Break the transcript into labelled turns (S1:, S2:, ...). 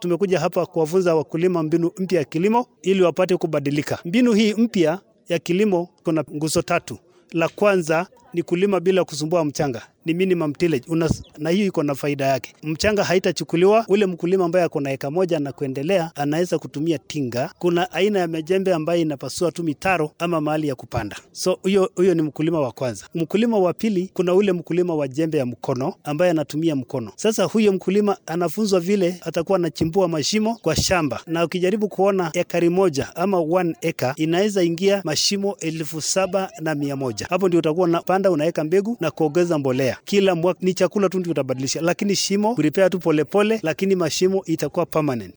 S1: Tumekuja hapa kuwafunza wakulima mbinu mpya ya kilimo ili wapate kubadilika. Mbinu hii mpya ya kilimo kuna nguzo tatu. La kwanza ni kulima bila kusumbua mchanga, ni minimum tillage una, na hiyo iko na faida yake. Mchanga haitachukuliwa. Ule mkulima ambaye ako na eka moja na kuendelea anaweza kutumia tinga. Kuna aina ya majembe ambayo inapasua tu mitaro ama mahali ya kupanda, so huyo huyo ni mkulima wa kwanza. Mkulima wa pili, kuna ule mkulima wa jembe ya mkono ambaye anatumia mkono. Sasa huyo mkulima anafunzwa vile atakuwa anachimbua mashimo kwa shamba, na ukijaribu kuona ekari moja ama one acre inaweza ingia mashimo elfu saba na mia moja hapo ndio utakuwa unapanda unapanda unaweka mbegu na kuongeza mbolea kila mwaka. Ni chakula tu ndio utabadilisha, lakini shimo kuripea tu polepole, lakini mashimo itakuwa
S2: permanent.